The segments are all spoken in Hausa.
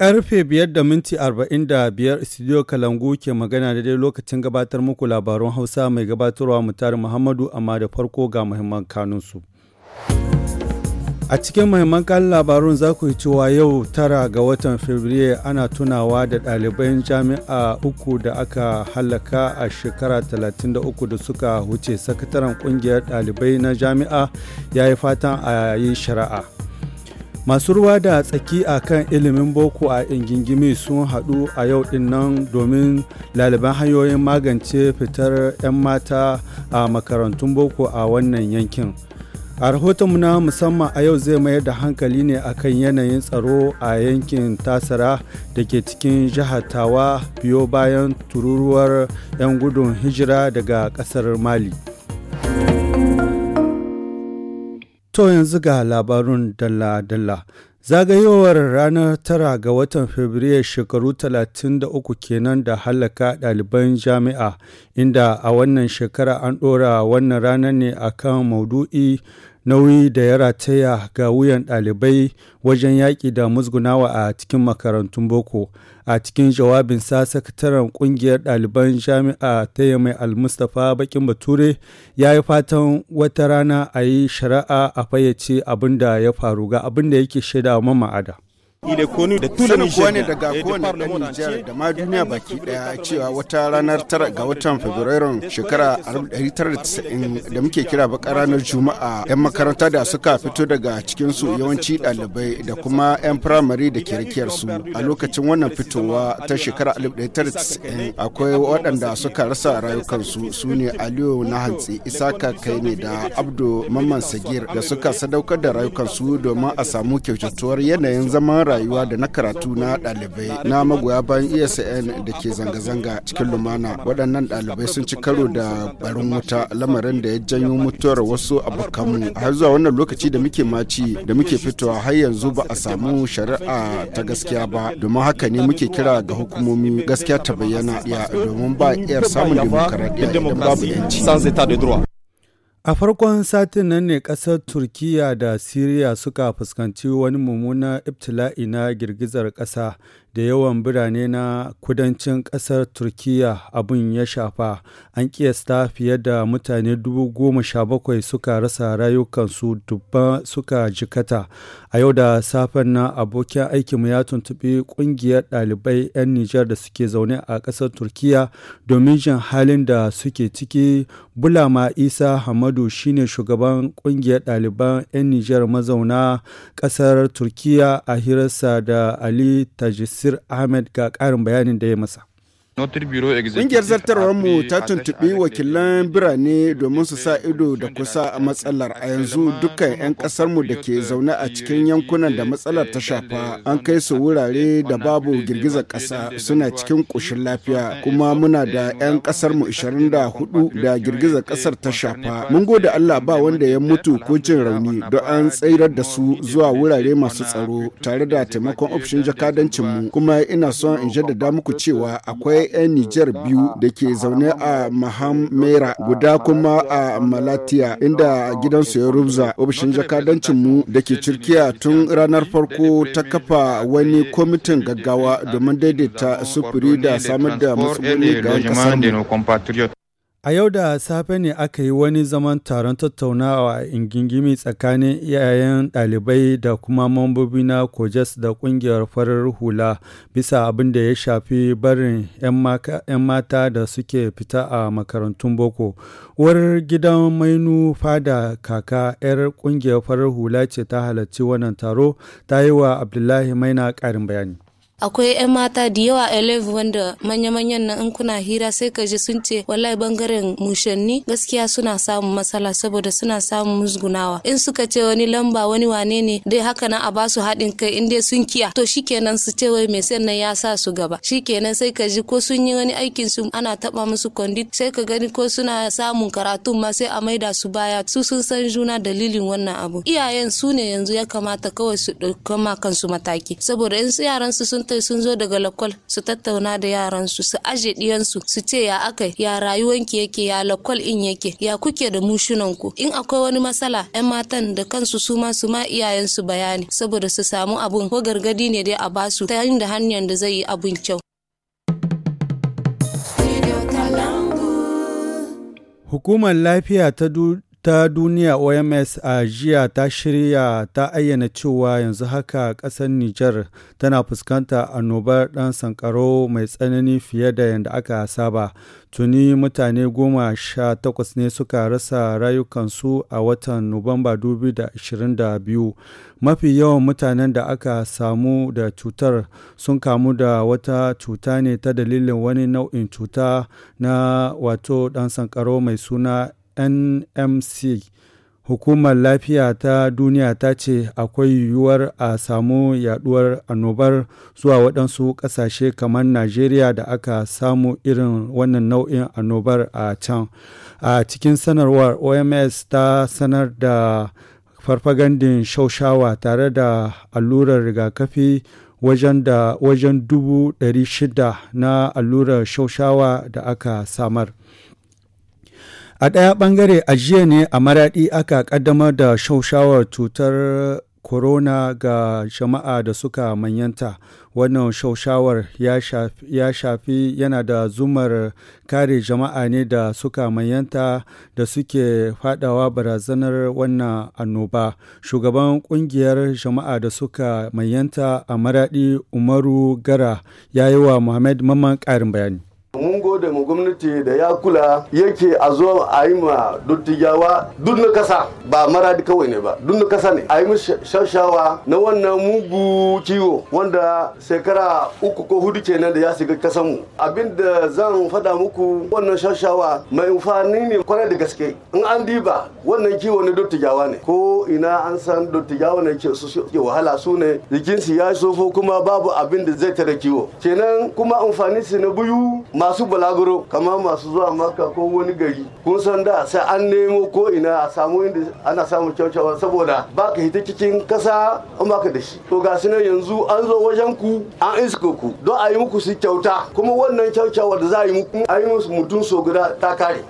Karfe 5 da minti da biyar Studio Kalangu ke magana da dai lokacin gabatar muku labarun Hausa mai gabatarwa mutari Muhammadu amma da farko ga muhimman kanunsu. A cikin mahimman kan labarun za ku yi cewa yau tara ga watan Fabrairu ana tunawa da ɗaliban jami'a uku da aka halaka a shekara 33 da suka wuce sakataren ƙungiyar ɗalibai na jami'a ya yi fatan a yi shari'a. masu ruwa da tsaki a kan ilimin boko a ingingimi sun haɗu a yau ɗin nan domin laliban hanyoyin magance fitar 'yan mata a makarantun boko a wannan yankin a rahoton na musamman a yau zai mayar da hankali ne a kan yanayin tsaro a yankin tasara da ke cikin jihar tawa biyo bayan tururuwar 'yan gudun hijira daga ƙasar mali To yanzu ga labarun dalla-dalla. Zagayowar ranar tara ga watan Fabrairu shekaru 33 kenan da halaka ɗaliban jami'a, inda a wannan shekara an ɗora wannan ranar ne a kan maudu'i nauyi da ya rataya ga wuyan ɗalibai wajen yaƙi da musgunawa a cikin makarantun boko a cikin jawabin sa sakataren ƙungiyar ɗaliban jami'a ta yamai almustapha bakin bature ya yi fatan wata rana a yi shari'a a fayyace abin da ya faru ga abin da yake shaida wa mama'ada. Sanin kuwa ne daga eh, kowane ɗan Nijar da ma duniya baki ɗaya cewa wata ranar tara ga watan Fabrairun shekara 1990 da muke kira baka ranar Juma'a 'yan makaranta da suka fito daga cikinsu yawanci ɗalibai da kuma 'yan firamare da ke a lokacin wannan fitowa ta shekara 1990 akwai waɗanda suka rasa rayukansu su ne Aliyu na hantsi Isaka kai da Abdu Mamman Sagir da suka sadaukar da rayukansu domin a samu kyautatuwar yanayin zaman rayuwa da na karatu na ɗalibai na magoya bayan ESN da ke zanga-zanga cikin lumana. Waɗannan ɗalibai sun ci karo da barin wuta lamarin da ya janyo mutuwar wasu abokanmu. Har zuwa wannan lokaci da muke maci da muke fitowa har yanzu ba a samu shari'a ta gaskiya ba. Domin haka ne muke kira ga hukumomi gaskiya ta bayyana ya domin ba iya samun demokaradiyya idan babu 'yanci. A farkon satin nan ne ƙasar Turkiyya da Siriya suka fuskanci wani mummunan ibtila'i na girgizar ƙasa da yawan birane na kudancin ƙasar turkiya abin ya shafa an kiyasta fiye da mutane bakwai suka rasa rayukansu dubban suka jikata a yau da safen na abokin aikinmu ya tuntuɓi ƙungiyar ɗalibai 'yan nijar da suke zaune a ƙasar turkiya domin jin halin da suke ciki bulama isa hamadu shine shugaban ƙungiyar ɗaliban 'yan nijar mazauna ƙasar turkiya a hirarsa da ali tajis Sir Ahmed ga ƙarin bayanin da ya masa. Ƙungiyar mu ta tuntuɓi wakilan birane domin su sa ido da kusa a matsalar a yanzu dukkan 'yan ƙasarmu da ke zaune a cikin yankunan da matsalar ta shafa an kai su wurare da babu girgizar ƙasa suna cikin ƙoshin lafiya kuma muna da 'yan ƙasarmu 24 da girgizar ƙasar ta shafa. Mun gode Allah ba wanda ya mutu ko jin rauni don an tsayar da su zuwa wurare masu tsaro tare da taimakon ofishin mu. kuma ina son in jaddada muku cewa akwai akwai 'yan Nijar biyu da ke zaune a Mahamera guda kuma a Malatiya inda gidansu ya rubza ofishin jakadancin mu da ke cirkiya tun ranar farko ta kafa wani kwamitin gaggawa domin daidaita sufuri da samar da matsuguni ga kasar A yau da safe ne aka yi wani zaman taron tattaunawa a ingingimi tsakanin iyayen ɗalibai da kuma mambobi na kojas da ƙungiyar farar hula bisa abin da ya shafi barin 'yan mata da suke fita a makarantun boko. Uwar gidan mainu fada kaka 'yar ƙungiyar farar hula ce ta halarci wannan taro ta yi wa Abdullahi Maina ƙarin bayani. akwai 'yan mata da yawa eleve wanda manya-manyan nan in kuna hira sai ka ji sun ce wallahi bangaren mushanni gaskiya suna samun matsala saboda suna samun musgunawa in suka ce wani lamba wani wane ne dai haka nan a ba su haɗin kai in dai sun kiya to shikenan su ce wai mai sannan ya sa su gaba shikenan sai ka ji ko sun yi wani aikin su ana taba musu kwandit sai ka gani ko suna samun karatun ma sai a maida su baya su sun san juna dalilin wannan abu iyayen su ne yanzu ya kamata kawai su ɗauki kansu mataki saboda in yaran su sun ta sun zo daga lakwal su tattauna da yaransu su aje diyansu su ce ya aka ya rayuwanki yake ya lakwal in yake ya kuke da mushunan ku in akwai wani matsala yan matan da kansu su ma su ma iyayensu bayani saboda su samu abun ko gargadi ne dai a basu ta yin da hanyar da zai yi abun kyau Hukumar Lafiya ta ta duniya oms a jiya ta shirya ta ayyana cewa yanzu haka ƙasar niger tana fuskanta annobar ɗan sankaro mai tsanani fiye da yadda aka saba tuni mutane goma sha takwas ne suka rasa rayukansu a watan nuwamba 2022 mafi yawan mutanen da aka samu da cutar sun kamu da wata cuta ne ta dalilin wani nau'in cuta na wato ɗan sankaro mai suna nmc hukumar lafiya ta duniya ta ce akwai yiwuwar a samu yaduwar annobar zuwa waɗansu ƙasashe kamar najeriya da aka samu irin wannan nau'in annobar a can a cikin sanarwar oms ta sanar da farfagandin shaushawa tare da allurar rigakafi wajen da wajen dubu 600 na allurar shaushawa da aka samar A ɗaya ɓangare a jiya ne a maraɗi aka ƙaddamar da shaushawar cutar corona ga jama'a da suka manyanta wannan shaushawar ya shafi yana da zumar kare jama'a ne da suka manyanta da suke fadawa barazanar wannan annoba shugaban kungiyar jama'a da suka manyanta a Maraɗi umaru gara ya yi wa muhammad mamman karin bayani mun gode mu gwamnati da ya kula yake a zo a yi ma dottijawa duk na kasa ba maradi kawai ne ba duk na kasa ne a yi shashawa na wannan mugu ciwo wanda shekara uku ko hudu kenan da ya shiga kasan mu abinda zan fada muku wannan shashawa mai amfani ne kwarai da gaske in an diba wannan kiwo na dottijawa ne ko ina an san dottijawa ne ke su ke wahala su ne jikinsu ya sofo kuma babu abin da zai tare kiwo kenan kuma amfani su na biyu masu balaguro kamar masu zuwa maka ko wani gari kun san da sai an nemo ko ina a samu inda ana samun kyaukyawa saboda ba ka hita cikin kasa an baka da shi to ga yanzu an zo wajen ku an iska ku don a yi muku su kyauta kuma wannan kyaukyawa da za a yi muku a yi musu mutum so guda ta kare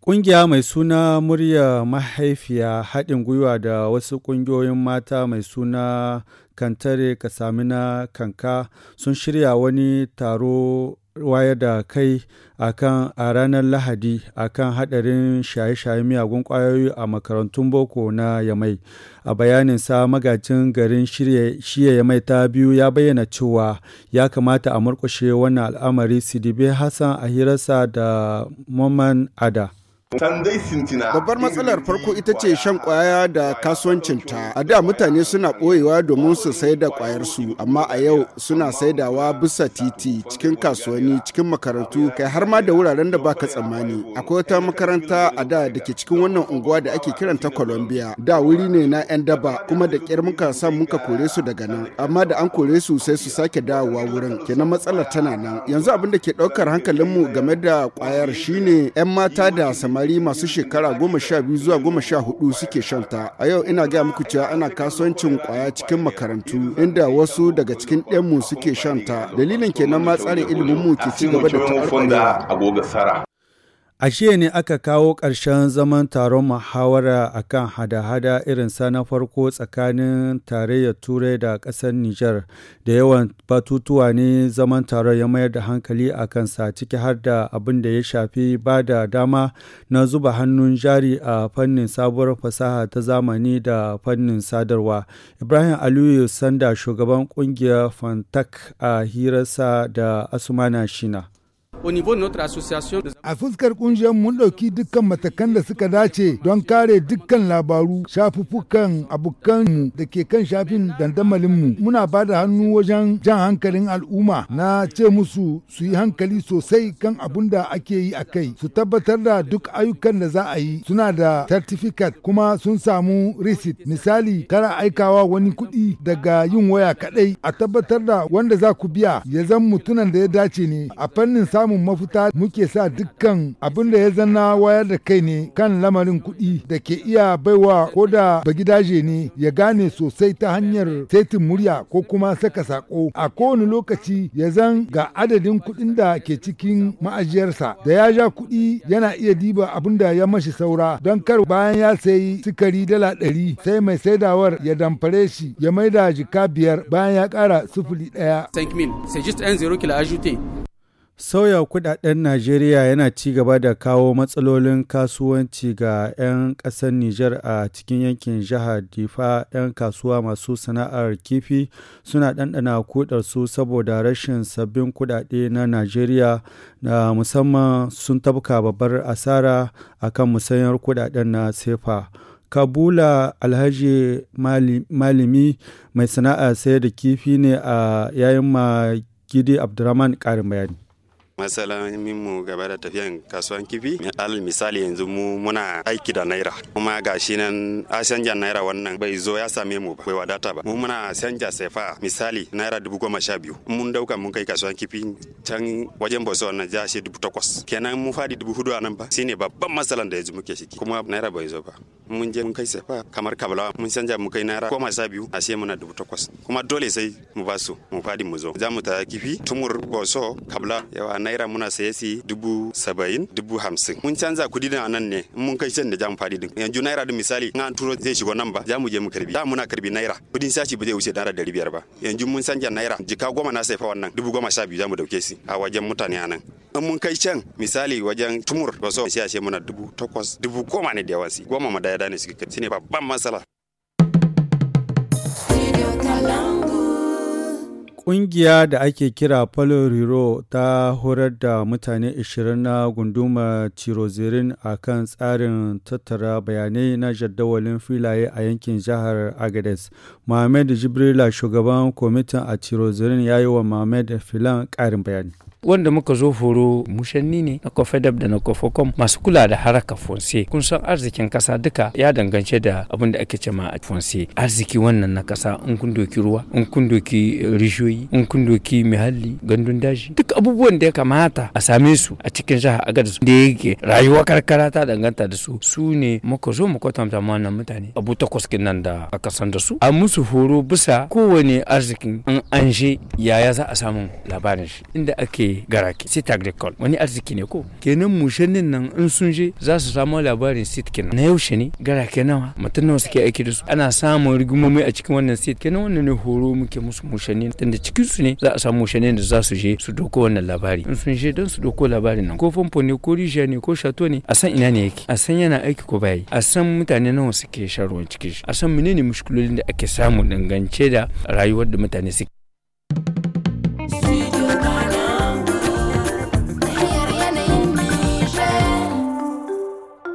Ƙungiya mai suna murya mahaifiya haɗin gwiwa da wasu ƙungiyoyin mata mai suna Kantare na Kanka sun shirya wani taro wayar da kai kan a ranar lahadi a kan haɗarin shaye-shaye miyagun ƙwayoyi a makarantun boko na yamai a bayanin sa magajin garin shiya yamai ta biyu ya bayyana cewa ya kamata a murkushe wannan al'amari sidibe hassan a hirarsa da maman ada Babbar matsalar farko ita ce shan kwaya da kasuwancinta. A da mutane suna ɓoyewa domin su sai da kwayarsu, amma a yau suna saidawa bisa titi cikin kasuwanni cikin makarantu kai har ma da wuraren da baka tsammani. Akwai wata makaranta a da da ke cikin wannan unguwa da ake kiranta Colombia. Da wuri ne na 'yan daba kuma da ƙyar muka sa muka kore su daga nan. Amma da an kore su sai su sake dawowa wurin. Kenan matsalar tana nan. Yanzu abin da ke ɗaukar hankalinmu game da kwayar shine 'yan mata da samari samari masu shekara goma sha biyu zuwa goma sha hudu suke shanta a yau ina gaya muku cewa ana kasuwancin kwaya cikin makarantu inda wasu daga cikin ɗanmu suke shanta dalilin kenan ma tsarin ilimin mu ke ci gaba da taɓarɓarewa A jiya ne aka kawo ƙarshen zaman taron muhawara a kan hada-hada sa na farko tsakanin tarayyar Turai da ƙasar Nijar. Da yawan batutuwa ne zaman taron ya mayar da hankali a kansa ciki har da abin da ya shafi ba da dama na zuba hannun jari a fannin sabuwar fasaha ta zamani da fannin sadarwa. Ibrahim Aliyu Sanda shugaban ƙungiyar Fantak a hirarsa da Asumana Shina. A fuskar kungiyar mun ɗauki dukkan matakan da suka dace don kare dukkan labaru shafuffukan abokanmu da ke kan shafin dandamalinmu. Muna ba da hannu wajen jan hankalin al'umma na ce musu su yi hankali sosai kan abun da ake yi a kai. Su tabbatar da duk ayyukan da za a yi suna da certificate kuma sun samu receipt. Misali, kara aikawa wani kuɗi daga yin waya kaɗai a tabbatar da wanda za ku biya ya zan mutunan da ya dace ne a fannin samun samun mafita muke sa dukkan abin da ya zanna wayar da kai ne kan lamarin kuɗi da ke iya baiwa ko da bagidaje ne ya gane sosai ta hanyar saitin murya ko kuma saka sako a kowane lokaci ya zan ga adadin kuɗin da ke cikin ma'ajiyarsa da ya ja kuɗi yana iya diba abin da ya mashi saura don kar bayan ya sayi sikari dala ɗari sai mai saidawar ya damfare shi ya maida jika biyar bayan ya kara sufuri ɗaya. Sauya kudaden Najeriya yana ci gaba da kawo matsalolin kasuwanci ga 'yan ƙasar Nijar a cikin yankin jihar Difa 'yan kasuwa masu sana'ar kifi suna ɗanɗana su saboda rashin sabbin kudade na Najeriya na musamman sun tabka babbar asara a kan musayar kudaden na sefa. kabula alhaji malimi mai sana'a sayar da kifi ne a yayin ma gidi abdurrahman ƙarin bayani mu gaba da tafiyan kasuwan kifi al misali yanzu mu muna aiki da naira kuma ga shi nan a canja naira wannan bai zo ya same mu ba bai wadata ba mu muna canja sefa misali naira dubu goma sha biyu mun dauka mun kai kasuwan kifi can wajen boso wannan ja shi dubu takwas kenan mu fadi dubu hudu a nan ba shine babban matsalan da yanzu muke shiki kuma naira bai zo ba mun je mun kai sefa kamar kabalawa mun canja mu kai naira goma sha biyu a sai muna dubu takwas kuma dole sai mu ba su mu fadi mu zo za mu ta kifi tumur boso kabla yawa naira muna saye si dubu saba'in dubu hamsin mun canza kuɗi din anan ne mun kai can da jamu faɗi din yanzu naira din misali in an turo zai shigo nan ba mu je mu karbi da muna karbi naira kuɗin sashi ba zai wuce naira dari biyar ba yanzu mun canja naira jika goma na saifa wannan dubu goma sha biyu mu dauke si a wajen mutane anan in mun kai can misali wajen tumur ba so sai a ce muna dubu takwas dubu goma ne da yawansi goma ma daya ne suke kai shine babban matsala Ƙungiya da ake kira palo Riro ta horar da mutane 20 na gunduma Cirozirin a kan tsarin tattara bayanai na jadawalin filaye a yankin jihar Agades. Mohamed Jibrila shugaban kwamitin a Cirozirin ya yi wa Mohamed Filan ƙarin bayani. wanda muka zo horo mushanni ne na kofedab da na kofokom masu kula da haraka fonse kun san arzikin kasa duka ya dangance da abin da ake cema a fonse arziki wannan na kasa in kun doki ruwa in kun doki eh, rishoyi in kun doki muhalli gandun daji duk abubuwan da ya kamata a same su a cikin jihar agadez da yake rayuwa karkara ta danganta da su su ne muka zo mu kwatanta ma wannan mutane abu takwas nan da aka san da su a musu horo bisa kowane arzikin an anje yaya za a samu labarin shi inda ake sai garake sit agricole wani arziki ne ko kenan mushannin nan in sun je za su samu labarin sit kenan na yaushe ne garake nawa mutum nawa suke aiki da su ana samun rigimomi a cikin wannan sit kenan wannan ne horo muke musu mushanni tunda cikin su ne za a samu mushanni da za su je su doko wannan labari in sun je don su doko labarin nan ko famfo ne ko rijiya ne ko shato ne a san ina ne yake a san yana aiki ko bayi a san mutane nawa suke sharuwan ruwan cikin shi a san menene mushkulolin da ake samu dangance da rayuwar da mutane suke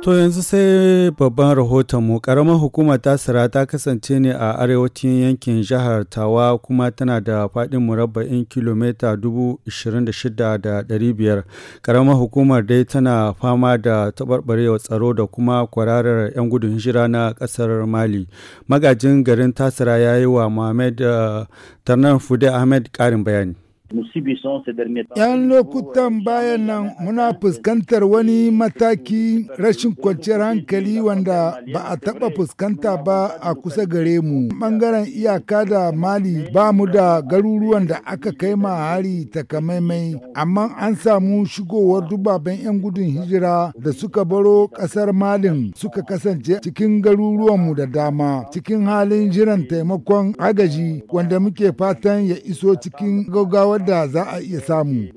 To yanzu sai babban rahotonmu ƙaramar hukumar tasira ta kasance ne a arewacin yankin jihar Tawa kuma tana da faɗin murabba'in kilomita 26,500. Ƙaramar hukumar dai tana fama da taɓarɓarewa tsaro da kuma kwararar 'yan gudun hijira na ƙasar Mali. Magajin garin tasira ya yi wa Mohamed eh, Tarnan Fude Ahmed ƙarin bayani. 'Yan lokutan bayan nan muna fuskantar wani mataki rashin kwanciyar hankali wanda ba a taɓa fuskanta ba a kusa gare mu. Ɓangaren iyaka da Mali ba mu da garuruwan da aka kai ma hari takamaimai, amma an samu shigowar dubaben 'yan gudun hijira da suka baro ƙasar Malin suka kasance cikin garuruwanmu da dama, cikin halin jiran taimakon agaji wanda muke fatan ya iso cikin gaggawar da za a iya samu.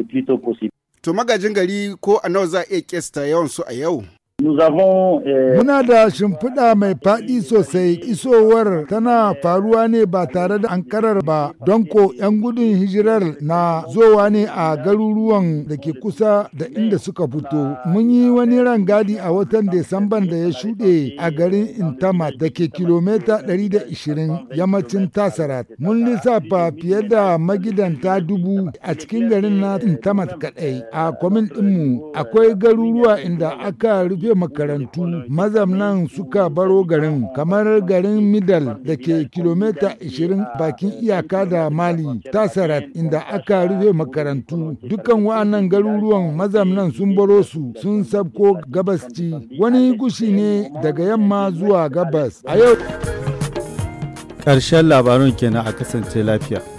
To magajin gari ko a nawa za a iya kesta yawan su a yau? Euh, Muna da shimfiɗa mai faɗi sosai isowar tana faruwa ne ba tare da ankarar ba don ko 'yan gudun hijirar na zowa ne a garuruwan da ke kusa da inda suka fito. Mun yi wani rangadi a watan Desamban da ya shuɗe a garin Intama da ke kilomita 120 yammacin Tasarat. Mun lissafa fiye da magidanta dubu a cikin garin na Intama kaɗai. A kwamin ɗinmu akwai garuruwa inda aka rufe rufe makarantu mazamnan suka baro garin kamar garin midal da ke kilomita 20 bakin iyaka da mali tasarat inda aka rufe makarantu dukkan wa'annan garuruwan mazamnan sun baro su sun sabko gabasci wani gushi ne daga yamma zuwa gabas a yau ƙarshen labarun kenan a kasance lafiya